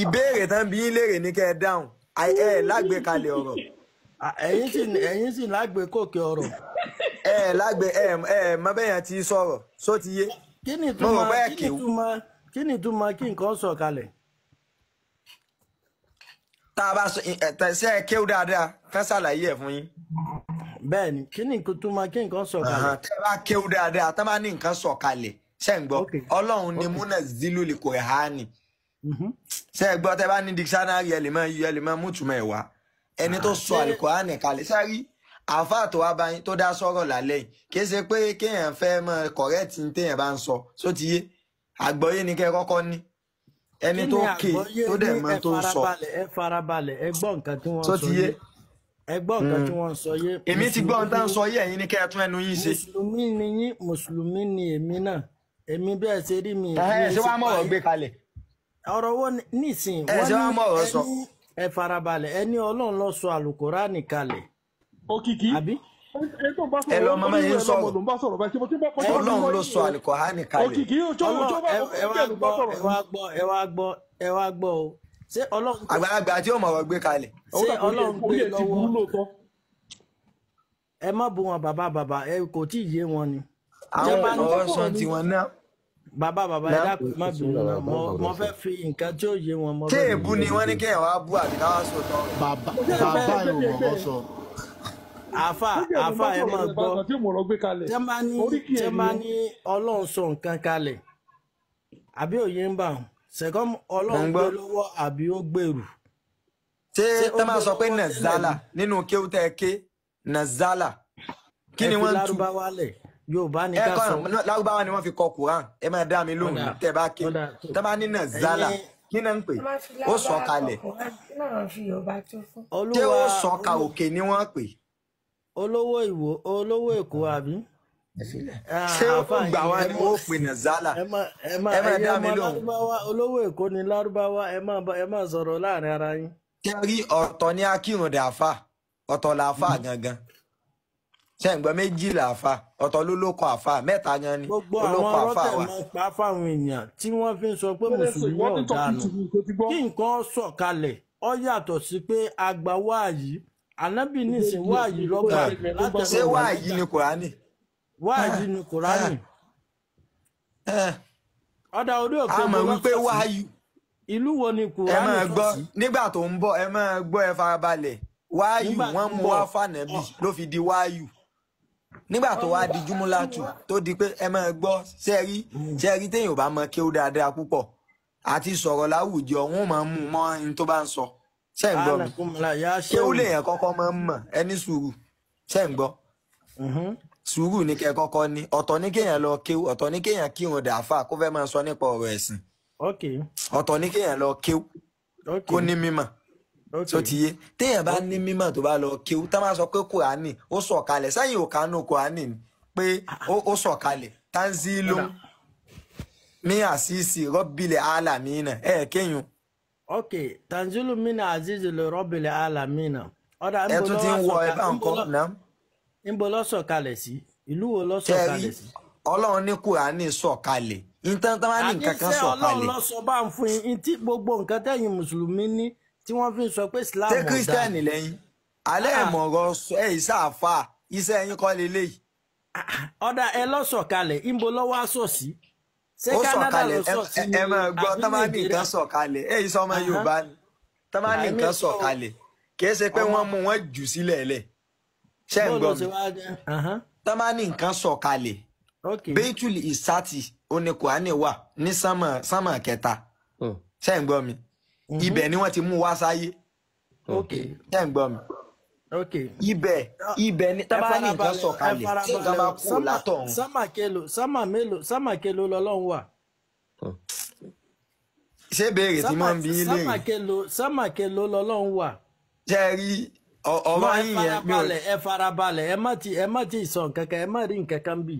ìbéèrè tán bí léèrè ní kẹ́ ẹ dáhùn ẹ ọ̀rọ̀. ẹ̀yin sì ẹ̀yin sì lágbè kòkè ọ̀rọ̀. ẹ lágbè ẹ ẹ mọ ti sọ̀rọ̀ só ti yé. kí ni túmọ̀ kí ni kí ni kí nǹkan tá a bá sọ ẹ kéwú dáadáa kán ṣàlàyé ẹ fún yín. kí ni ni múnà zilu lè kọ ẹ hàn Mm-hmm. ṣe gbọ́ tẹ bá ní dictionary ẹ lè mọ ẹ lè mọ mútùmọ̀ ẹ wá ẹni tó sọ àlùkòránì ah. kalẹ̀ sẹ́rí àáfàá tó wá báyìí tó dá sọ̀rọ̀ lálẹ́ yìí kì í ṣe pé kéèyàn fẹ́ mọ kọ̀rẹ́ẹ̀tì téèyàn bá ń sọ só ti yé àgbọ́yé ni kẹ́ kọ́kọ́ ní ẹni tó ké tó dẹ̀ mọ tó ń sọ. ẹ farabalẹ̀ ẹ gbọ́ nǹkan tí wọ́n sọ yé ẹ gbọ́ nǹkan tí mm. wọ́n sọ yé. èmi ti gbọ́ ohun tá à ń sọ yé ẹ̀yin ni kẹ́ ẹ tún ẹnu yín ṣe. mùsùlùmí ni yín mùsùlùmí ni èmi náà èmi bẹ́ẹ̀ ṣe rí mi. ẹ ṣé wàá mọ̀rọ̀ gbé kalẹ̀ ọ̀rọ̀ wo nísìn wọ́n ní ẹni ọlọ́run sọ àlùkòránì kalẹ̀. òkìkí àbí ẹ lọ mama yín ló sọ àlùkòránì kalẹ̀. òkìkí ẹ wá gbọ́ ẹ wá gbọ́ ẹ wá gbọ́ o ṣé àgbàlagbà tí gbé ṣé ẹ má bu wọn bàbá bàbá bàbá ẹ dákun má bínú náà mo mo fẹ́ fi nǹkan tí ó yé wọn mo. ṣé èbú ni wọ́n ní kí ẹ̀ wá bú àbí káwá sọ tán. bàbá bàbá yóò mọ̀ ọ́ sọ. àfà àfà ẹ máa gbọ́ tẹ́ ọlọ́run sọ nǹkan kalẹ̀ àbí òye ń bà ṣẹ̀kọ́m ọlọ́run gbé lọ́wọ́ àbí ó gbèrú. ṣé tẹ́ máa sọ pé nàzálà nínú kéwútẹ́ ké nàzálà kí ni wọ́n tú yorùbá ni ká sọ. lárúbáwá ni wọn fi kọ quran ẹ máa dá mi lóhùn tẹ bá ké tẹ bá nínà zala kí náà ń pè ó sọ kalẹ̀ ṣé ó sọ ka òkè ni wọ́n pè. olówó ìwò olówó èkó àbí. Ah, ṣé ó gbà wá ó pè ní zala ẹ máa dá mi lóhùn. olówó èkó ni lárúbáwá ẹ máa sọ̀rọ̀ láàrin ara yín. tẹ́rí ọ̀tọ̀ ni akírun dàáfà ọ̀tọ̀ làáfà gangan. Mm -hmm ṣẹ̀ǹgbọ́n méjìlá àfa ọ̀tọ̀ ló ló kọ àfa mẹ́ta yan ni ló kọ àfa wa. gbogbo àwọn ọlọ́tẹ̀ máa pa fáwọn èèyàn tí wọ́n fi ń sọ pé mùsùlùmí ọ̀daràn kí nǹkan sọ̀kalẹ̀ ó yàtọ̀ sí pé àgbà wáàyí ànábì nìsín wáàyí lọ́gbà látẹ̀lé ṣé wáàyí ni kùránì. wáàyí ni kùránì. Eh. ọ̀dà orí òkè mo máa fẹ́ sí ìlú wo ni kùránì sọ sí. nígbà tó ń bọ̀ ẹ máa gbọ́ ẹ farabalẹ̀ wáàyù wọ́n mú wá nígbà tó wá di júmúlátù tó di pé ẹ máa gbọ́ sẹ́rí sẹ́rí mm. téèyàn bá mọ kí ó dáadáa púpọ̀ àti sọ̀rọ̀ láwùjọ wọn máa mú mọ́ ẹni tó bá ń sọ ṣe ń gbọ́ mi kí ó lè yẹn kọ́kọ́ máa ń mọ̀ ẹni sùúrù ṣe ń gbọ́ mm-hmm. sùúrù ní kẹ́ kọ́kọ́ ní ọ̀tọ̀ ní kéèyàn lọ kéwú ọ̀tọ̀ ní kéèyàn kírun dàáfà kó fẹ́ máa sọ nípa ọ̀rọ̀ ẹ̀sìn ọ̀tọ̀ ní kéèyàn lọ kéwú kó ní mímọ̀ tó ti yé téèyàn bá ní mímọ̀ tó bá lọ kéwú tá máa sọ pé kùránì ó ò pé ó tanzilu mi alamina ok tanzilu mi na azizi alamina. ẹ ti ń wọ ẹ bá ń kọ́ náà. sí ìlú wo ló sí. ní tán wá ní nǹkan gbogbo nǹkan tẹ̀yìn mùsùlùmí tí wọ́n fi ń sọ pé islam ọ̀dà. ṣé kírísítẹ́nì lẹ́yìn alẹ́ ìmọ̀ràn ah. ẹ̀ ìsàfà iṣẹ́ ẹ̀yìn kọ́ lélẹ́yìí. ọ̀dà ẹ lọ sọ̀kalẹ̀ ìbò lọ́wọ́ aṣọ sí. ṣé Canada lọ sọ sí ni àbí Nàìjíríà. ẹ máa gbọ́ tán bá ní nǹkan sọ̀kalẹ̀ ẹ̀ ìsọ ọmọ Yorùbá ni tán bá ní nǹkan sọ̀kalẹ̀ kì í ṣe pé wọ́n mú wọn jù sílẹ̀ lẹ̀ ṣẹ́ ń gbọ́ mi tán bá ní nǹkan Mhm. ibẹ̀ ni wọ́n ti mú wá sáyé tẹ́ ń gbọ́ mi ibẹ̀ ibẹ̀ ni tábà ní nǹkan sọ̀kalẹ̀ tí nǹkan bá kú látọ̀ ọ̀hún. sámà kelo lọ́lọ́run wà. ṣé béèrè tí máa ń bí ilé yìí. sámà kelo lọ́lọ́run wà. ṣe rí ọ̀rọ̀ yín yẹn mi ò. ẹ farabalẹ̀ ẹ ẹ má ti sọ nǹkan ẹ má rí nǹkan kan bí.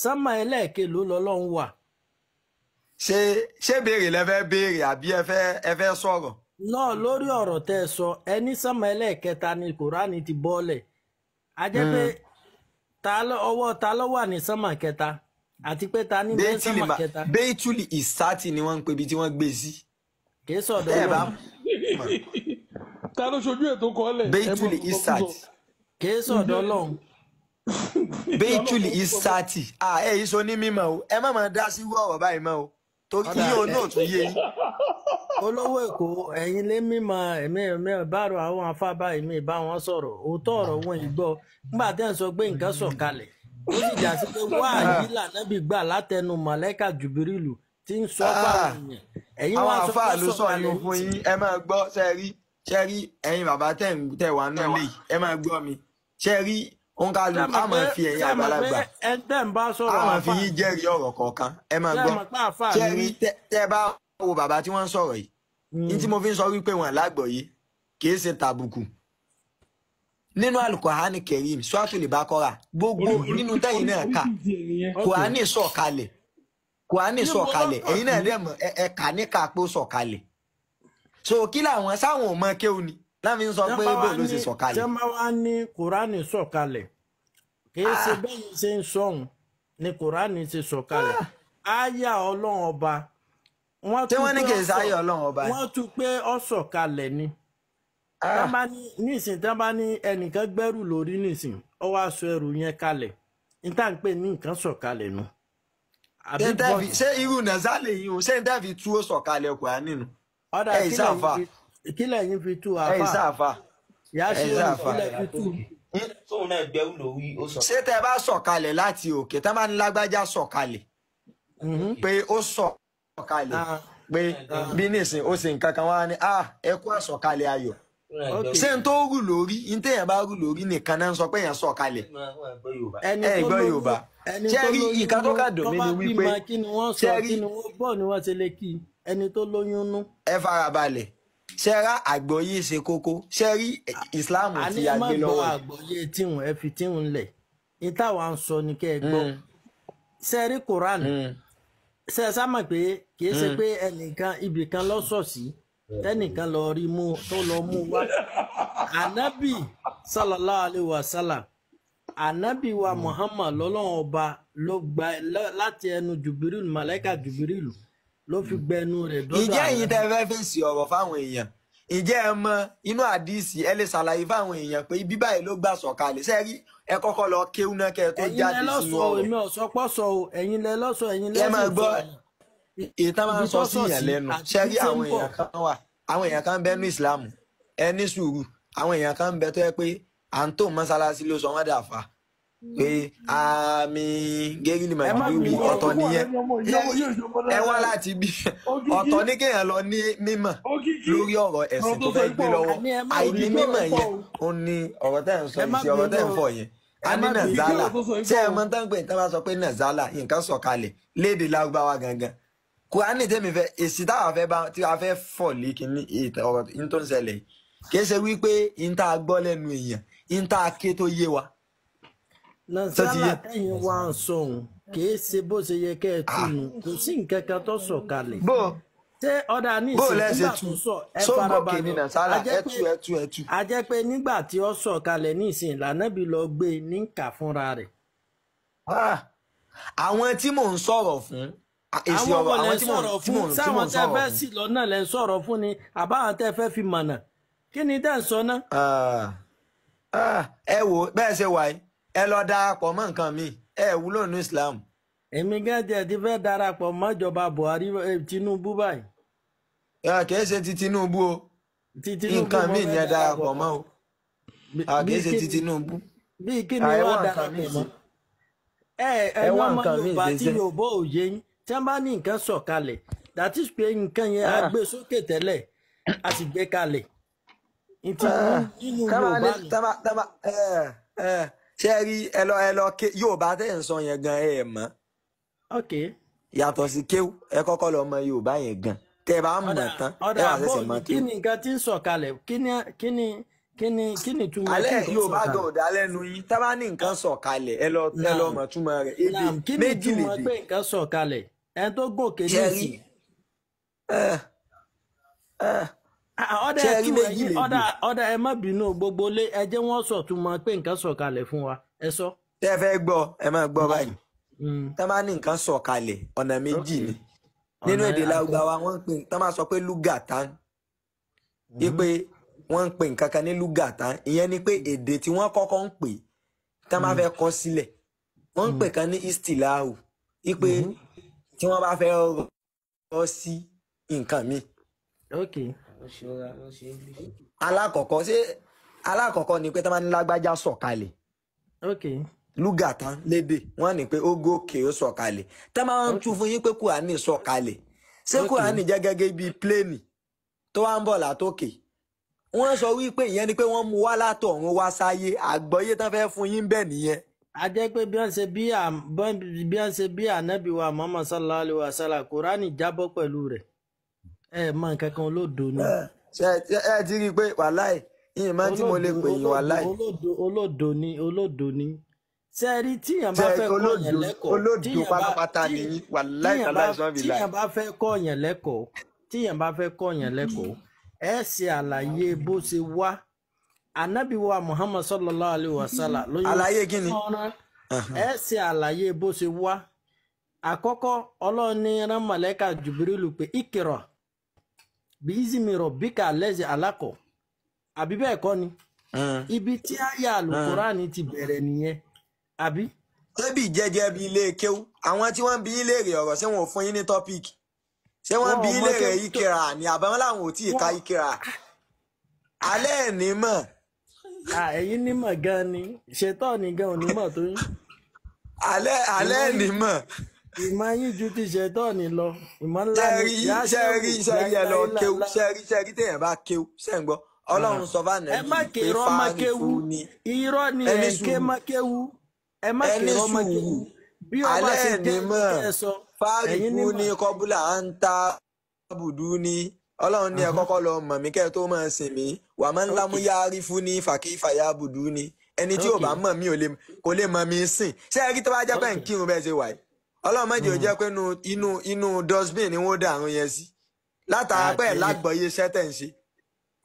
sámà ẹlẹ́ẹ̀kelo lọ́lọ́run wà ṣé ṣé béèrè lẹ fẹ́ béèrè àbí ẹ fẹ́ ẹ fẹ́ sọ̀rọ̀. náà lórí ọ̀rọ̀ tẹ́ ẹ sọ ẹni sánmọ̀ ẹlẹ́ẹ̀kẹta ni kòránì ti bọ́ọ̀lẹ̀ a jẹ́ pé hmm. ọwọ́ ta ló wà ní sánmọ̀ kẹta àti pé ta ní bẹ́ẹ̀ sánmọ̀ kẹta. bẹ́ẹ̀tùlì ìsátì ni wọ́n ń pe ibi tí wọ́n gbé sí. kì í sọ̀dọ̀ wọn. ta ló ṣojú ètò kọ́lẹ̀. bẹ́ẹ̀tùlì ìsátì. kì í sọ̀dọ̀ ọlọ́run bẹ́ẹ̀tùlì ìsátì ẹ yìí sọ ní mímọ́ o ẹ má máa dá sí wọ́ọ̀rọ̀ báyìí mọ́ o torí yín ò náà tún yé yín. olówó èkó ẹ̀yin lè mímọ ẹ̀mí ẹ̀mí báàrò àwọn afábá ẹ̀mí bá wọn sọ̀rọ̀ òótọ́ ọ̀rọ̀ wọn ìgbọ́ nígbà tẹ́ ń sọ pé nǹkan sọ̀ kalẹ̀ ó sì jà sí pé wá ah. yìí lànàbí gbà látẹnu mọ̀lẹ́kà jùbírìlù tí ń sọ báwọn ah. yẹn ẹ̀yin wá sọ pé sọ̀ kalẹ̀ fún yín ẹ máa gbọ́ ṣe rí ṣe bàbá tẹ̀ ẹ máa gbọ́ mi ṣe òun ká lu a máa fi ẹ̀yin àgbàlagbà a máa fi yín jẹ́rìí ọ̀rọ̀ kọ̀ọ̀kan ẹ máa gbọ́ jẹ́rìí tẹ́ bá wo bàbá tí wọ́n ń sọ̀rọ̀ yìí hmm. ní tí mo fi ń sọ wípé wọn lágbọ̀ yìí kìí ṣe tàbùkù nínú alukọ̀hánì kẹrìm sọ́ọ̀tùlì bá kọ́ra gbogbo nínú tẹ́yìn náà kà kùhánì sọ̀kalẹ̀ kùhánì sọ̀kalẹ̀ ẹ̀yin náà dẹ̀ mọ̀ ẹ̀ka níkà pé ó sọ̀kalẹ̀ so kí làwọn sáwọn ò mọ kéwòn ni. láàmì sọ pé bó ló ṣe sọ̀kalẹ̀. tẹ́ máa wá ní kùránì sọ̀kalẹ̀ kì ṣe ah. ṣe ń sọ̀hún ni kùránì ṣe sọ̀kalẹ̀ àyà ah. ọlọ́run ọba. tí wọ́n ní kì í ọlọ́run ọba. wọ́n tún pé sọ̀kalẹ̀ ni. nísìn tí wọ́n bá ní ẹnìkan gbẹ́rù lórí nísìn ó wá sọ ẹrù yẹn kalẹ̀ níta ń pè ní nǹkan sọ̀kalẹ̀ nu. ṣé irú nàzálẹ̀ yìí o ṣé ní fi tú sọ̀kalẹ̀ ìkílẹ̀ yín fi tú àfà yà á ṣe ìkílẹ̀ fi tú. tóun náà gbẹ́rù ló ó sọ. ṣé tẹ bá sọ̀kalẹ̀ láti òkè bá lágbájá sọ̀kalẹ̀ mhm. pé ó sọ̀kalẹ̀ ah. pé bí nìsín ó sì kan wá ní ah, ẹ kú àsọ̀kalẹ̀ ayọ̀ ṣé n tó rù lórí n téèyàn bá rù lórí nìkan náà ń sọ pé ẹ fara ṣe ra àgbọ́yé ṣe kókó ṣe rí islam ti àgbé lọ́wọ́. àní má gbọ́ àgbọ́yé tíhun ẹ fi tíhun lẹ̀ ní táwa ń sọ ni kẹ́ ẹ gbọ́ mm. ṣe rí koran mm. ṣe sá mọ̀ pé kì í ṣe mm. pé ẹnìkan ibìkan lọ́sọ̀ọ̀sì tẹnìkan lọ rí mú tó lọ mú wá anabi sallallahu alayhi wa sallam anabi wa muhammad lọ́lọ́run ọba ló gba láti ẹnu jùbírìlù màláíkà jùbírìlù. Mm ló fi hmm. gbẹnu rẹ̀ dọ́dọ̀ àwọn. ìjẹ́ ẹ̀yin tẹ́ fẹ́ fèsì ọ̀rọ̀ fáwọn èèyàn ìjẹ́ ẹ mọ inú àdìsí ẹ lè ṣàlàyé fáwọn èèyàn pé ibi báyìí ló gbà sọ̀kalẹ̀ ṣe rí ẹ kọ́kọ́ lọ kéwú náà kẹ́ ẹ tó jáde sínú ọ̀rọ̀. ẹ̀yin lẹ lọ́sọ̀ èmi ọ̀sọ́ pọ̀ sọ o ẹ̀yin lẹ lọ́sọ̀ ẹ̀yin lẹ́sìn sọ. ẹ máa gbọ́ ìtàn máa ń sọ sí ìyàn lẹ́nu ṣe àwọn èèyàn kan wà àwọn èèyàn kan ń tó pé àmì gẹ́gìlì màjíwì ọ̀tọ̀ nìyẹn ẹ wá láti bí ọ̀tọ̀ ní kéèyàn lọ ní mímọ̀ lórí ọ̀rọ̀ ẹ̀sìn tó fẹ́ gbé lọ́wọ́ àìní mímọ̀ yẹn ó ní ọ̀rọ̀ tẹ́ ń sọ ìṣe ọ̀rọ̀ tẹ́ ń fọ̀ yẹn a ní nàzálà tí ẹ mọ tán pé tán bá sọ pé nàzálà nǹkan sọ̀kalẹ̀ léde lárúbáwá gangan kùránì tẹ́mi fẹ́ èsì táwa fẹ́ bá tí a fẹ́ fọ̀ lé kínní ọ̀rọ̀ tó ń ṣẹlẹ̀ kì í ṣe wípé n ta gbọ́ lẹ́nu èèyàn n ta ké tó yé wa nansala tẹ̀yin wá ń sọhun kìí ṣe bó ṣe yẹ kẹ́ ẹ ah. túnu kò sí nǹkan kan tó sọ kalẹ̀. bó ṣé ọ̀dà ní ìsìnkú tó sọ ẹ farabalẹ̀ a jẹ́ pé nígbà tí ó sọ kalẹ̀ ní ìsìn lànàbí lọ gbé e ní kà fúnra rẹ̀. Ah, àwọn tí mò ń sọ̀rọ̀ fún àwọn tí mò ń fún sáwọn tẹ́ fẹ́ sí lọ́nà lẹ́ ń fún ni àbáwọn tẹ́ fẹ́ fi mọ̀nà kí ni dẹ́ sọ náà. Ah, ẹ wo bẹ́ẹ̀ ṣe wáyé E lọ darapọ mọ nkan mi ẹ wúlò ní Islam. èmi gan ti fẹ́ darapọ̀ mọ́jọba Buhari eh, Tinubu báyìí. kì í ṣe o nǹkan mi ni ẹ darapọ̀ mọ́ o a í ṣe ti Tinubu àìwọ̀ nǹkan mi sí. ẹ ẹ wọ́n mọ Yorùbá tí Yorùbá ò yé yín tí wọ́n bá ní nǹkan sọ̀kalẹ̀ that is pé nǹkan yẹn á ah. gbé sókè tẹ́lẹ̀ a ṣe rí ẹ lọ ẹ lọ ké Yorùbá tẹ̀ ń sọ yẹn gan ẹ mọ̀. ok. yàtọ̀ sí kéwù ẹ kọ́kọ́ lọ yo Yorùbá yẹn gan tẹ bá mọ̀ tán ẹ wà sẹ̀sẹ̀ mọ́ kéwù. kí ni nǹkan tí ń sọ̀kalẹ̀ kí ni kí ni kí ni kí ni túmọ̀ kí ni Yorùbá gan ò dá lẹ́nu yín tá bá ní nǹkan sọ̀kalẹ̀ ẹ lọ ẹ lọ mọ̀ túmọ̀ rẹ̀ èdè méjì lè dé. kí ni túmọ̀ pé nǹkan sọ̀kalẹ̀ ẹ tó gòkè ní ọ̀dà ẹ̀ tún ẹ̀yìn ọ̀dà ọ̀dà ẹ̀ má bínú gbogbo lé ẹ jẹ́ wọ́n sọ tún mọ pé nǹkan sọ̀kalẹ̀ fún wa ẹ sọ. tẹ́ ẹ fẹ́ gbọ́ ẹ máa gbọ́ mm. báyìí mm. tẹ́ máa ní nǹkan sọ̀kalẹ̀ ọ̀nà méjì ni nínú èdè Lárúbáwá wọ́n ń pè tẹ́ máa sọ pé lugatan ipe mm-hmm. wọ́n ń pè nǹkan kan ní lugatan ìyẹn ni pé èdè tí wọ́n kọ́kọ́ ń pè tẹ́ máa mm. fẹ́ kọ sílẹ̀ wọ́n ń pè kan ní istilahu ipe mm-hmm. tí wọ́n bá fẹ́ rọ sí nǹkan míì alákọ̀ọ́kọ́ ṣé alákọ̀ọ́kọ́ ni pé tí wọ́n bá ní lágbájá sọ̀kalẹ̀ lúgàtà lédè wọ́n ní pé ó gòkè ó sọ̀kalẹ̀ tí wọ́n máa ń tún fún yín pé kùránì sọ̀kalẹ̀ ṣé kùránì jẹ́ gẹ́gẹ́ bíi pléènì tó wá ń bọ̀ látòkè wọ́n sọ wípé ìyẹn ni pé wọ́n mú wá látọ̀run wá sáyé àgbọ́yé tán fẹ́ fún yín bẹ́ẹ̀ nìyẹn a jẹ́ pé bí wọ́n ṣe bí bí wọ́n ṣe bí ànábì wa Muhammad sallallahu alayhi wa sallam kùránì jábọ́ pẹ̀lú rẹ̀ ẹ mọ nǹkan kan olódo ni. ẹ ti rí i pé wàláì ìyẹn máa tí mo lè pè yín wàláì. olódo ni olódo ni sẹ́ẹ̀rí tíyàn bá fẹ́ kọ́ yẹn lẹ́kọ̀ọ́ olódo pátápátá ni wàláì kàláìsọ́ọ̀bì láì. tíyàn bá fẹ́ kọ́ yẹn lẹ́kọ̀ọ́ tíyàn bá fẹ́ kọ́ yẹn lẹ́kọ̀ọ́ ẹ ṣe àlàyé bó ṣe wá ànábì wa Muhammad sallallahu alayhi wa sallam lóyún àlàyé gíní ẹ ṣe àlàyé bó ṣe wá àkọ́kọ́ ọlọ́ọ̀ni rán mọ̀lẹ́kà Jibrilu pé ìkìrọ̀ bíìsìmì rọ̀bíkà lẹ́sẹ̀ alákọ̀ àbí bẹ́ẹ̀ kọ́ ni ibi tí àyà alukurani ti bẹ̀rẹ̀ nìyẹn àbí. tẹ́bì jẹ́jẹ́ bí ilé kéwú àwọn tí wọ́n ń bi léèrè ọ̀rọ̀ ṣé wọn ò fún yín ní tọ́píìkì ṣé wọ́n ń léèrè ìkẹrà ni àbáwọn làwọn ò tí ì ka ìkẹrà alẹ́ ẹ̀ ní mọ̀. ẹ̀yin ní mọ̀ gan ni ṣètọ́ ni gan ò ní mọ̀ tó yín. alẹ́ alẹ́ ní mọ̀ ìmọ̀ yín ju ti ṣẹ̀tọ́ọ̀nì lọ ìmọ̀ ńlá ni yá sẹ́rí sẹ́rí ẹ lọ kéwu sẹ́rí sẹ́rí téèyàn bá kéwu ṣe ń gbọ́ ọlọ́run sọ fún àná ẹ̀mí pé fáánì fún ni irọ́ ni ẹ̀ ké má kéwu ẹ má ké irọ́ má kéwu bí ọba ṣe dé ẹ sọ ẹ̀yin ní mọ̀ ní kọ́búlà à ń ta bùdú ni ọlọ́run ní ẹ kọ́kọ́ lọ mọ̀ mí kẹ́ tó máa sìn mí wà máa ń lámú yáárí fún ní fàkífàyà bùdú ni ẹni tí ò bá mọ̀ mí kò lè mọ̀ mí sìn ṣé ẹ rí tó bá jẹ́ bẹ́ẹ̀ ń kírun bẹ́ẹ̀ ṣe wà ọlọ́run má hmm. jẹ́ pé inú inú dustbin ni wọ́n dá àrùn yẹn sí látara lágbọ̀ọ́yé sẹ́tẹ̀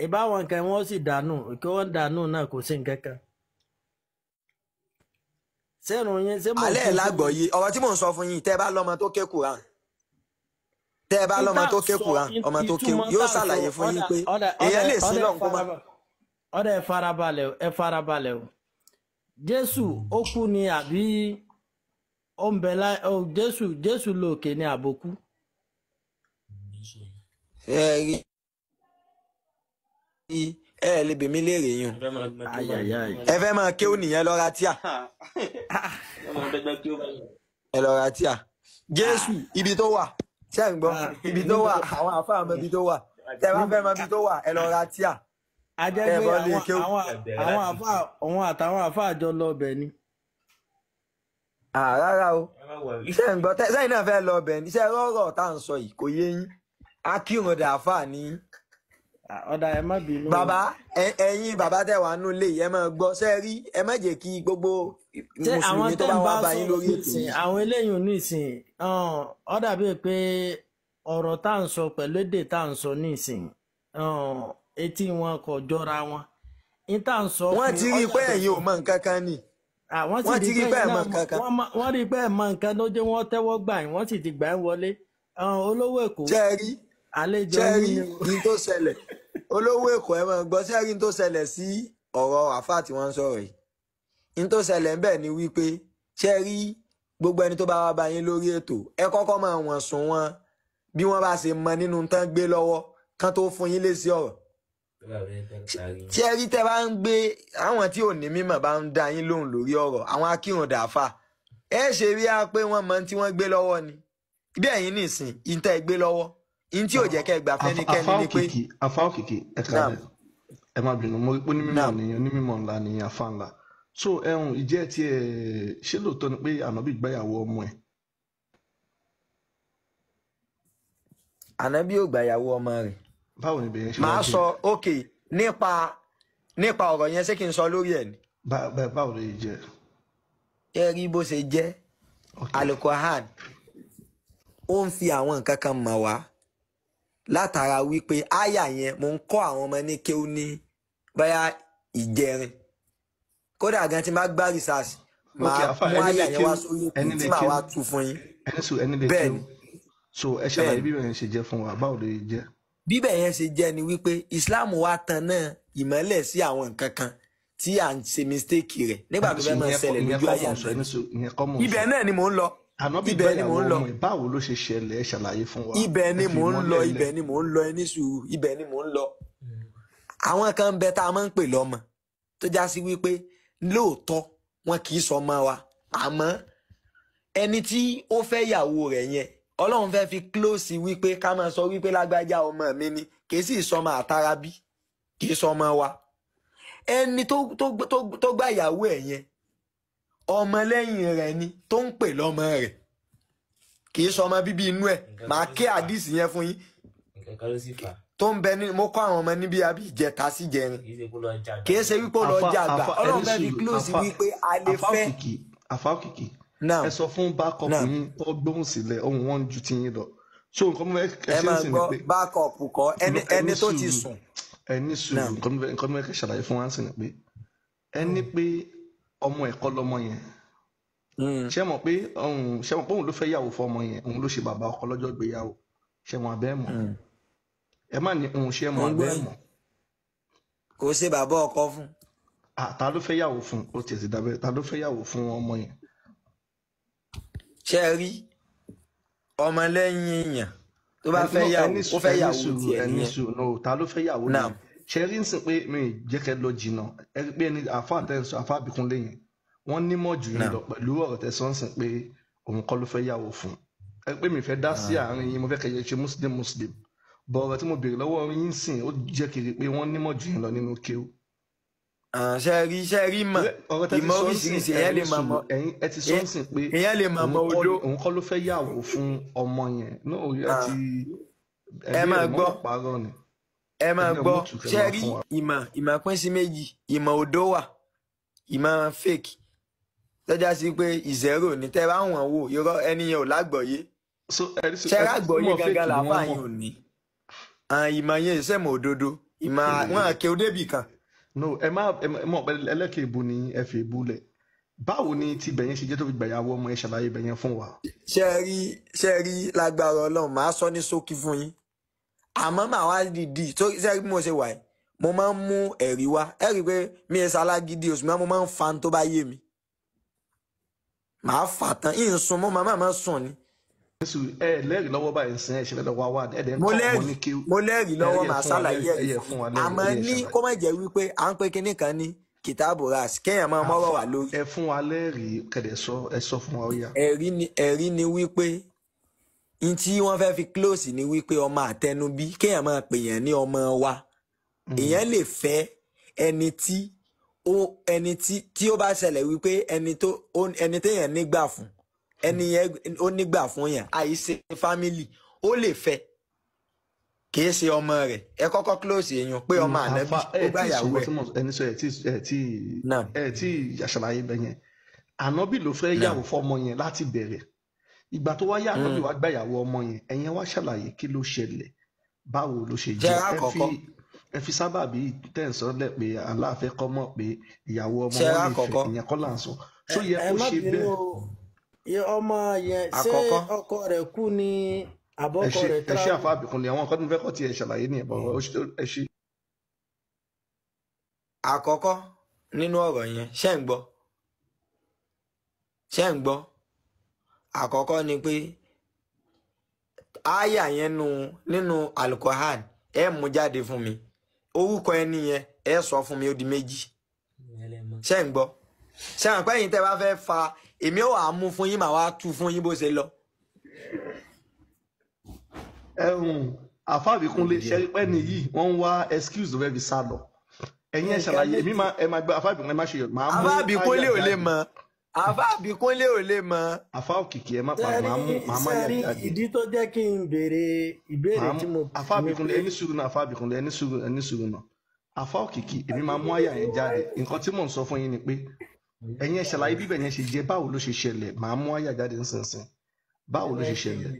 ìbáwọn nǹkan wọn sì dànù kí wọn dànù náà kò sí nǹkan kan. sẹ́nu yẹn ṣé mo. alẹ́ lágbọ̀ọ́yé ọ̀rọ̀ tí mò ń sọ fún yín tẹ́ ẹ bá lọ́mọ tó ké Quran tẹ́ ẹ bá lọ́mọ tó ké Quran ọmọ tó ké yóò ṣàlàyé fún yín pé lè sí ọ̀dà farabalẹ̀ farabalẹ̀ ó ń bẹ láì ó jésù jésù lòkè ní àbòkú. ẹ rí i ẹ lè bèmí léèrè yín ẹ fẹ́ máa kéwù nìyẹn lọ́ra tíà ẹ lọ́ra tíà jésù ibi tó wà tí à ń gbọ́ ah. ibi tó wà àwọn àfáà mọ ibi tó wà tẹ bá fẹ́ mọ ibi tó wà ẹ lọ́ra tíà. a jẹ́ pé àwọn àfáà òun àfáà jọ lọ bẹ̀ ni rárá o iṣẹ́ ń gbọ́ sẹ́yìn náà fẹ́ lọ ọbẹ̀ ní iṣẹ́ rọ́rọ̀ tá à ń sọ yìí kò yé yín akírun dàáfà ní. ọ̀dà ẹ má bínú. bàbá ẹ̀yin bàbá tẹ́ wà nù lè ẹ máa gbọ́ ṣe rí ẹ má jẹ́ kí gbogbo mùsùlùmí tó bá wà bá yín lórí ètò yìí. àwọn eléyìí ní ìsìn ó dà bíi pé ọ̀rọ̀ tá à ń sọ pẹ̀lú èdè tá à ń sọ ní ìsìn etí wọn kò jọra wọn. wọ́n ti rí i pé ẹ̀yin ò mọ nǹkan kan ni wọ́n ti rí bẹ́ẹ̀ mọ kankan. wọ́n rí bẹ́ẹ̀ mọ nǹkan ló dé wọ́n tẹ́wọ́ gbà yín wọ́n sì ti gbà ń wọlé olówó èkó. jẹ́rí jẹ́rí ní tó ṣẹlẹ̀ olówó èkó ẹ máa gbọ́ sẹ́rí ní tó ṣẹlẹ̀ sí ọ̀rọ̀ àfáà tí wọ́n ń sọ̀rọ̀ yìí ní tó ṣẹlẹ̀ ń bẹ̀ ni wípé ṣẹ́rí gbogbo ẹni tó bá wá bá lórí ètò ẹ kọ́kọ́ máa wọ̀n sùn wọn bí wọ́n bá ṣe mọ nínú tán gbé lọ́wọ́ kán tó fún yín lé sí ọ̀rọ̀ tí ẹ rí tẹ bá ń gbé àwọn tí ò ní mímọ̀ bá ń dá yín lóhùn lórí ọ̀rọ̀ àwọn akírun dàáfà ẹ ṣe rí a pé wọ́n mọ̀ tí wọ́n gbé lọ́wọ́ ni bí ẹ̀yin nìsín ìtẹ gbé lọ́wọ́ ìyìn tí ò jẹ́ kẹ́ gbà fẹ́nikẹ́ni ni pé. afa òkìkí ẹ kà ẹ má bínú mo rí pé onímọ̀ ni onímọ̀ ńlá ni afa ńlá so ẹhun ìjẹ́ tí ẹ ṣé lóòótọ́ ni pé ànábì gbáyàwó ọmọ ẹ̀. ànábì ò gbàyàwó ọmọ rẹ̀ báwo ni bẹ̀yẹn ṣe wá dé. màá sọ ok nípa nípa ọ̀rọ̀ yẹn ṣé kí n sọ lórí ẹ̀ ni. báwo ló yẹ jẹ. ẹ rí bó ṣe jẹ́ alukohan ó ń fi àwọn nǹkan kan mọ̀ wá látara wípé àyà yẹn mo ń kọ́ àwọn ọmọ ní kéwú ní báyà ìjẹrin kódà gan tí n gbá research máa mú àyà yẹn wá sórí òkú tí màá wá tú fún yín bẹ́ẹ̀ ni so ẹ ṣàlàyé bí ìròyìn ṣe jẹ́ fún wa báwo ló yẹ jẹ́ bíbẹ̀ yẹn ṣe jẹ́ ni wípé Islam wa tan náà ìmọ́lẹ̀ sí àwọn nǹkan kan tí à ń ṣe mistake rẹ̀ nígbà tó fẹ́ máa ṣẹlẹ̀ lójú ayé ibẹ̀ náà ni mò ń lọ ibẹ̀ ni mò ń lọ báwo ló ṣe ṣẹlẹ̀ ṣàlàyé fún wa ibẹ̀ ni mò ń lọ ibẹ̀ ni mò ń lọ ẹni sùúrù ibẹ̀ ni mò ń lọ àwọn kan bẹ tá a máa ń pè lọ́mọ tó já sí wípé lóòótọ́ wọn kì í sọ ọmọ wa àmọ́ ẹni tí ó fẹ́ yàwó rẹ̀ yẹn ọlọ́run fẹ́ fi close wípé ká máa sọ wípé lágbájá ọmọ mi ni kì í sì sọmọ àtàrà bí kì í sọmọ wa ẹni tó gbà ìyàwó ẹ̀ yẹn ọmọlẹ́yìn rẹ̀ ni tó ń pè lọ́mọ rẹ̀ kì í sọmọ bíbí inú ẹ̀ màá ké àdìsí yẹn fún yín tó ń bẹ ní mo kọ́ àwọn ọmọ níbi àbí ìjẹta sí jẹrin kì í ṣe wípé ó lọ jàgbà ọlọ́run fẹ́ fi close wípé a lè fẹ́. àfáàkìkì ẹ sọ fún backup yín kó gbóhùn sílẹ̀ ohun wọn ju ti yín lọ so nǹkan mọ ẹ ṣe ń sìn ní pé backup kọ ẹni tó ti sùn. ẹni sùn nǹkan mọ ẹ ṣàlàyé fún wa ń sìn ní pé ẹni hmm. pé ọmọ ẹ̀kọ́ lọmọ yẹn hmm. ṣé mọ̀ pé ṣé mọ̀ pé òun ló fẹ́ yàwó fọmọ yẹn òun ló ṣe bàbá ọkọ lọ́jọ́ ìgbéyàwó ṣé mọ̀ abẹ́ hmm. mọ̀ ẹ má ní òun ṣe mọ̀ abẹ́ mọ̀. kò ṣe bàbá ọkọ fún. ta ló fẹ́ yàwó fún ó tiẹ̀ ti dábẹ́ ta ló fẹ́ yàwó fún ọmọ yẹn ṣe rí ọmọlẹ́yìn èèyàn tó bá fẹ́ yàwó ó fẹ́ yàwó tiẹ̀ nìyẹn. ta ló fẹ́ yàwó nìyẹn ṣe rí nsìn pé mi jẹ́ kẹ́ lọ jìnnà ẹ rí pé ẹni àfa àtẹnusọ àfa àbíkúnlé yẹn wọ́n nímọ̀ jù yín lọ pẹ̀lú ọ̀rọ̀ tẹ̀sán sìn pé òun kọ́ ló fẹ́ yàwó fún ẹ pé mi fẹ́ dá sí ah. àárín yín mo fẹ́ kẹ́yẹ ṣe muslim muslim bọ̀ ọ̀rọ̀ tí mo béèrè lọ́wọ́ yín sìn ó jẹ́ kiri pé wọ́n nímọ̀ jù yín lọ nínú kéwù ṣe rí ṣe rí mà ìmọ̀ oríṣiríṣi ẹ̀yẹ́ lè máa mọ ẹ ti sọ sí pé ẹ̀yẹ́ lè máa mọ odó òun kọ́ ló fẹ́ yàwó fún ọmọ yẹn náà ó yẹ ah. ti ẹ máa gbọ́ ẹ máa gbọ́ ṣe ìmọ̀ ìmọ̀ pín sí méjì ìmọ̀ odó wà ìmọ̀ fake tọ́já sí pé ìzẹ́rò ní tẹ́ bá wọ̀n wò irọ́ ẹni yẹn ò lágbọ̀ọ́yé ṣe rágbọ̀ọ́yé gangan làwọn àyàn ò ní ìmọ̀ yẹn ìṣẹ̀mọ̀ òdodo ìmọ̀ no ẹ má ẹ mọ ẹlẹ́kẹ̀ èbó ni ẹ fi èbó lẹ̀ báwo ni ti bẹ̀yẹn ṣe jẹ́ tó fi gbàyàwó ọmọ ẹ ṣàlàyé bẹ̀yẹn fún wa. ṣe é rí ṣe é rí lágbára ọlọ́run màá sọ ní ṣókí fún yín àmọ́ màá wá dìdì tó ṣe é rí mo ṣe wà yìí mo máa ń mú ẹ̀rí wá ẹ rí i pé mi ẹ̀ ṣalágídí oṣù mẹ́wàá mo máa ń fa tó bá yé mi màá fà tán ìyẹn sun mọ́ màmá máa sùn ni jésù ẹ lẹ́rìí lọ́wọ́ báyìí sìn ẹ̀ ṣẹlẹ̀ lọ́wọ́ wa ẹ̀dẹ̀ ń kọ́ ọmọ ní kí mo lẹ́rìí lọ́wọ́ màá ṣàlàyé ẹ̀ àmọ́ ní kó má jẹ́ wípé à ń pé kinní kan ní kìtàbù ras kéèyàn máa mọ́rọ̀ wà lórí. ẹ fún wa lẹ́rìí kẹ̀dẹ̀ sọ ẹ sọ fún wa ó yá. ẹ̀rí ni ẹ̀rí ni wípé n tí wọ́n fẹ́ fi close ni wípé ọmọ àtẹnubí kéèyàn máa pèèyàn ní ọmọ wa mm. èèyàn lè fẹ́ ẹni tí ẹni tí ó bá ṣẹlẹ̀ wípé ẹni tó ẹni téèyàn nígbà fún ẹni yẹn ó nígbà fún yẹn àìṣe fámìlì ó lè fẹ́ kìí ṣe ọmọ rẹ̀ ẹ kọ́kọ́ close èèyàn pé ọmọ mm, ànábì ó bá yàwó ẹ. ẹni sọ ẹ tí ẹ tí ẹ tí àṣàlàyé bẹ yẹn ànábì ló fẹ́ yàwó fọmọ yẹn láti bẹ̀rẹ̀ ìgbà tó wáyé ànábì mm. wá gbàyàwó ọmọ yẹn ẹ̀yẹn wá ṣàlàyé kí ló ṣẹlẹ̀ báwo ló ṣe jẹ́ ẹ fi ẹ fi sábàbí tẹ̀sán lẹ̀ pé aláàfẹ́ kọ́ mọ̀ pé ìyàwó ọmọ wọn lè fẹ́ ìyẹn kọ́ là ń sọ ṣó yẹ kó ṣe bẹ́ẹ̀. ọmọ yẹn ṣé ọkọ rẹ kú ni àbọkọ ẹ ṣe àfa àbìkún ni àwọn nǹkan tó fẹ́ kọ́ ṣàlàyé ní ìbọn ẹ ṣe. àkọ́kọ́ nínú ọ̀rọ̀ yẹn ṣé ń gbọ́ ṣé ń gbọ́ àkọ́kọ́ ni pé aya yẹn nínú alukohan ẹ mú jáde sọ fún mi ó di méjì ń gbọ́ fa èmi ò wá mú fún yín màá wá tú fún yín bó ṣe lọ. ẹ̀hún àfàbíkúnlé ṣẹ́rípẹ́ nìyí wọ́n ń wá excuse tó fẹ́ fi sá lọ ẹ̀yin ẹ̀ ṣàlàyé èmi máa ẹ̀ máa gba àfàbíkúnlé má ṣe yọ̀ máa mú àfàbíkúnlé ò lè mọ̀ àfàbíkúnlé ò lè mọ̀. àfà òkìkí ẹ má pa màá mú màá má yà jáde. ìdí tó jẹ́ kí n béèrè ìbéèrè tí mo. àfàbíkúnlé ẹni sùúrù náà àfàbíkúnlé ẹni sùúrù náà ẹ̀yin ẹ̀ ṣàlàyé bíbẹ̀ yẹn ṣe jẹ́ báwo ló ṣe ṣẹlẹ̀ màá mú àyà jáde nísinsìnyí báwo ló ṣe ṣẹlẹ̀.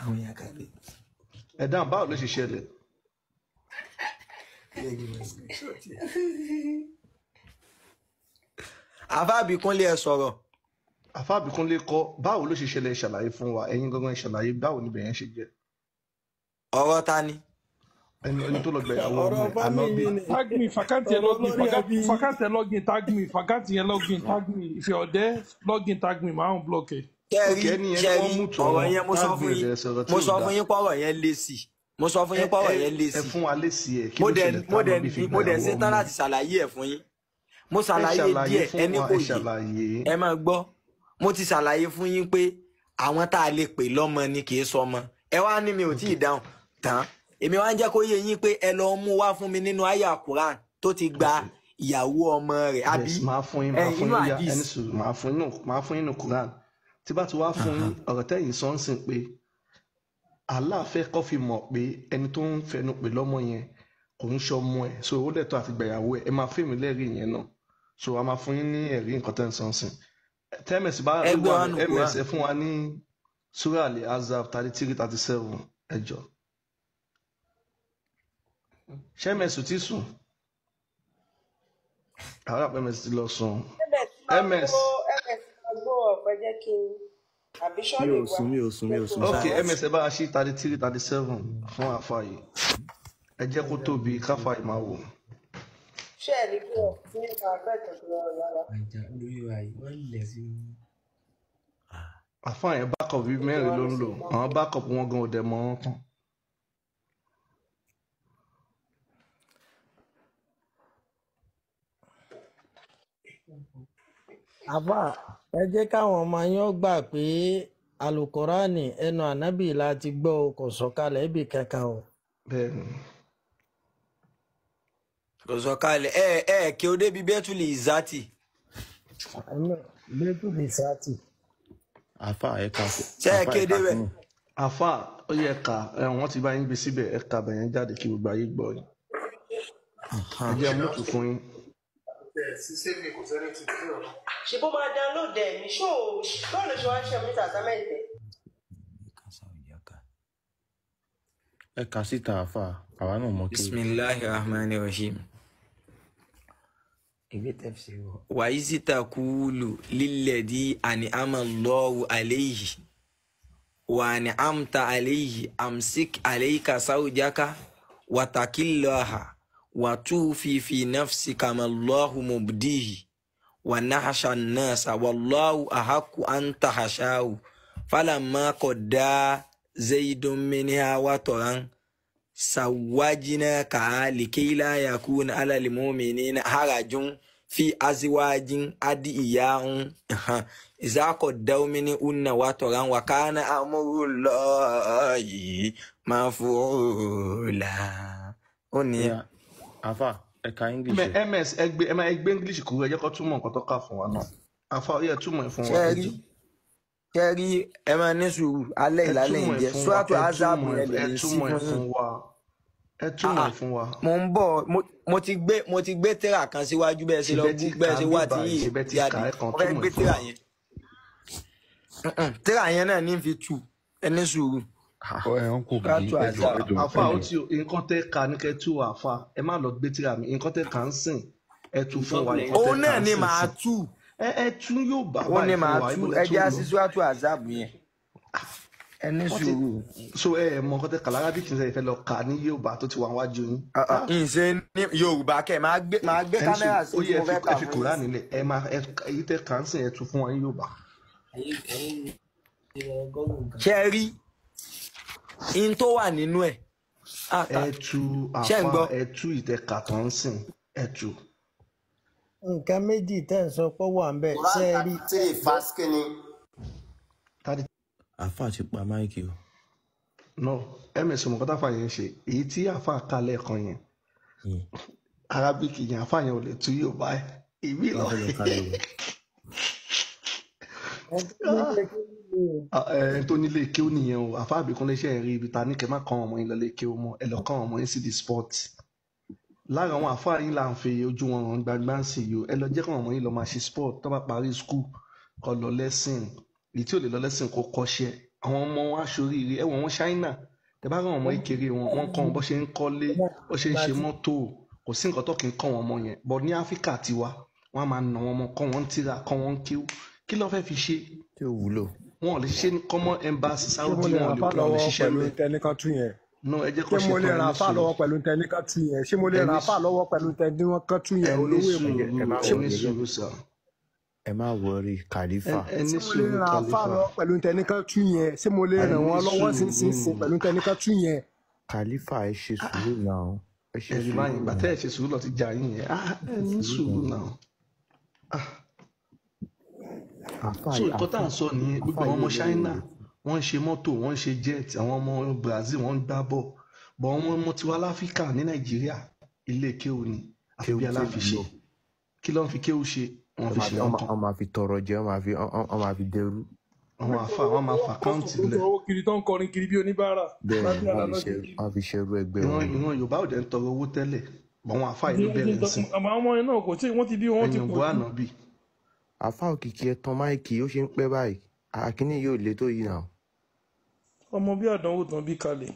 àwọn yàrá kàgbé. ẹ dáhùn báwo ló ṣe ṣẹlẹ̀. àfa àbíkúnlé ẹ sọ̀rọ̀. àfa àbíkúnlé kọ báwo ló ṣe ṣẹlẹ̀ ṣàlàyé fún wa ẹ̀yin gangan ṣàlàyé báwo níbẹ̀ yẹn ṣe jẹ́. ọ̀rọ̀ ta ni ẹni ẹni tó lọ gbẹ ìyàwó ọmọ anabi. tag me fakanti yẹn login fakanti yẹn login tag me fakanti yẹn login tag me if you're there login tag me màá ń block ẹ. kẹrí kẹrí ọ̀rọ̀ yẹn mo sọ fún yín mo sọ fún yín pọ̀rọ̀ yẹn lé sí i mo sọ fún yín pọ̀rọ̀ yẹn lé sí i. ẹ fún wa lé sí ẹ mo dẹ̀ ṣe tán láti ṣàlàyé fún yín mo ṣàlàyé díẹ̀ ẹni kò yé ẹ máa gbọ́ mo ti ṣàlàyé fún yín pé àwọn tá a lè pè lọ́mọ ni kì í sọmọ ẹ wá ní mi ò tí ì dáhùn tán èmi wá ń jẹ́ kó yé yín pé ẹ lọ mú wá fún mi nínú àyà Quran tó ti gba ìyàwó ọmọ rẹ̀ àbí ẹ̀yìn àdìs. máa fún inú Quran tí bá ti wá fún yín ọ̀rọ̀ tẹ́yìn sọ́nsìn pé Allah fẹ́ kó fi mọ̀ pé ẹni tó ń fẹnu pè lọ́mọ yẹn kò ń ṣọmọ ẹ̀ so ó lẹ́tọ̀ àti gbàyàwó ẹ̀ ẹ máa fèmí lẹ́rìí yẹn náà so a máa fún yín ní ẹ̀rí nǹkan tẹ́yìn sọ́nsìn tms bá ms ẹ fún wa ní surah al-Ahzab thirty three thirty seven ẹjọ́ ṣẹ́mẹ̀sì ti sùn àwọn àpẹẹmẹsì ti lọ sùn ms. mi ò sùn mi ò sùn mi ò sùn. ok ms ẹ bá a ṣí thirty three thirty seven fún àfààyè ẹ jẹ́ kó tóbi káfààyè máa wò. ṣé ẹ rí pé ọ̀sìn ní àbẹ́ ìtọ́jú lọ́wọ́ yàrá. àjà lórí wa yìí mẹ́rin ló ń lò àwọn backup wọn gan ò mọ́ wọn kàn. àáfà ẹ jẹ́ káwọn ọmọ yín ó gbà pé alukurani ẹnu ànábì la ti gbọ́ ọ kò sọ̀kalẹ̀ ibì kankan o. bẹ́ẹ̀ni. kò sọ̀kalẹ̀ ẹ ẹ kí o débi bẹ́tùlì ìzátì. bẹ́tùlì ìzátì. àáfà ẹ ká ṣe é kéde rẹ. àáfà ó yẹ ká wọn ti bá yín gbé síbẹ̀ ẹ ká bẹ̀yẹn jáde kí gbogbo ayé gbọ́ yín. ẹ jẹ́ mọ́tò fún yín sísẹ́mì kò sẹ́ni tí download mi ṣó o báwo ló ṣe wá ṣe ọmọ ẹ kà síta àfa àwa náà mọ kí. bisimilahi rahman rahim. ìwé tẹ̀sí o. wàyí síta kúlù lílẹ̀ di àní àmà lọ́wọ́ àléyìí wàní àmta àléyìí àmsík àléyìí kà sáwùjáká wàtàkì lọ́ha. wa tufi fi nafsi kama Allahu mubdihi wa nahasha nasa wallahu ahaku an tahashahu falamma qadda zaidun minha wa taran sawajina ka likay la yakuna ala lilmu'minina harajun fi aziwajin adiyaun iza qaddaw min unna wa wa kana amru mafula oni yeah. afa ẹ ka english. ms ẹgbẹ ẹ máa gbé english kúrò ẹ jẹ́ kó túmọ̀ nǹkan tó kà fún wa náà afa ó yẹ túmọ̀ ẹ fún wa. ṣẹ́ẹ́rì ṣẹ́ẹ́rì ẹ máa ní sùúrù alẹ́ ìlàlẹ́ ìjẹ́ sọ́ọ̀tù azabu ẹ lè sí fún wa. ẹ túmọ̀ ah, ẹ fún wa. mo ń bọ̀ mo ti gbé mo ti gbé tẹ́rà kan síwájú bẹ́ẹ̀ ṣe lọ bẹ́ẹ̀ ṣe wá tí yìí yàdí ọ̀rẹ́ gbé tẹ́rà yẹn. tẹ́rà yẹn náà ní fi tù ẹ ní sùúrù kátó àjà àfa o ti nǹkan tẹ ka ní kẹ tú àfa ẹ má lọ gbé tíra mi nǹkan tẹ ka ń sìn ẹ tú fún wa nǹkan tẹ ka ń sìn. o náà ni màá tú. ẹ ẹ tún yóò bá wa ìfún wa ìmọ̀ tó lọ. ẹ jẹ́ àṣìṣú àtú àzáàbù yẹn ẹni sùúrù. so ẹ mọ nǹkan tẹ kàlára bí kìnìún ìfẹ́ lọ kà ní yorùbá tó ti wà wájú yín. Ah, ah, ǹṣe ní yorùbá kẹ máa gbé máa gbé kámẹ́rà sí mo fẹ́ kà fún yín. ẹ fi kóra nílẹ̀ ẹ máa èyí tẹ kà ń sìn ẹ tún fún wa ní yorùbá in tó wà nínú ẹ̀ àtà ah, ṣe ń gbọ́. ẹ tú ìtẹ̀ka tó ń sìn ẹ tú. nǹkan méjì tẹ́ ń sọ pé wà ń bẹ̀ ṣe é rí. tí ìfàsíkì ni. àfa ti pa máìkì o. no ms mọ̀kọ́tà fà yẹn ṣe èyí tí àfa kalẹ̀ kan yẹn hmm. arabic yẹn àfa yẹn ò lè tú yóò báyìí ìbí lọ. ẹ tó nílé kí ó nìyẹn o àfa àbíkúnlé iṣẹ́ ẹ̀rí ibi ta ní kẹ́ má kan ọmọ yín lọ́lé kí ó mọ ẹ lọ́ kan ọmọ yín sí di sport lára àwọn àfa yín là ń fi ojú wọn hàn gbangba ń sìn yìí ẹ lọ jẹ́ káwọn ọmọ yín lọ máa ṣe sport tó bá parí school kó lọ lẹ́sìn èyí tí ò lè lọ lẹ́sìn kó kọ́ṣẹ́ àwọn ọmọ wọn aṣoríire ẹ wọ wọn ṣáínà tẹ bá rán ọmọ ìkéré wọn wọn kọ́ wọn bó ṣe ń kọ́lé bó ṣe ń ṣe mọ́tò kò sí nǹkan tó kì í kọ́ wọn ọmọ yẹn bọ̀ ní áfíríkà tiwa wọn máa nà wọn ọmọ kọ́ wọn ń tíra kọ́ wọn ń kíw kí ló fẹ́ fi ṣe. tí ó wúlò. wọn ò lè ṣe ní common embassy saudi wọn ò lè ṣiṣẹ́ mẹ́. no ẹ jẹ́ kó ṣe fún mi ní sùn. ṣé mo lè ra apá lọ́wọ́ pẹ̀lú tẹnikán tún yẹn olówó èmù yẹn. ẹ má wọrí kàlífà. ṣé mo lè ra apá lọ́wọ́ pẹ̀lú tẹnikán tún yẹn ṣé mo lè ràn wọ́n lọ́wọ́ sínsìnsìn pẹ̀lú tẹnikán tún yẹn. kàlífà ẹ so nǹkan tá à ń sọ nìyẹn gbogbo àwọn ọmọ China wọ́n ń ṣe mọ́tò wọ́n ń ṣe jet àwọn ọmọ Brazil wọ́n ń gbá bọ̀ bọ̀ àwọn ọmọ tiwa láfíríkà ní Nàìjíríà ilé kéwù ni àfi bí aláfiṣe kí ló ń fi kéwù ṣe wọ́n fi ṣe mọ́tò. wọ́n máa fi tọrọ jẹ wọ́n máa fi dẹrú. wọ́n máa fa máa fa káùntì lẹ̀. owó kiri tó ń kọrin kiri bí oníbàárà. bẹ́ẹ̀ wọ́n fi ṣerú ẹgbẹ́ wọn. ìran Yorùbá ò dẹ̀ ń tọrọ owó tẹ́lẹ̀ àwọn àfa ìlú bẹ̀rẹ̀ sí. àwọn ọmọ yẹn náà kò tí wọ́n ti bí wọ́n ti pọ̀ àfa òkìkí ẹ tan máìkì ó ṣe ń pẹ́ báyìí àkíní yóò le tó yìí náà. ọmọ bí àdánwò tán bí kalẹ̀.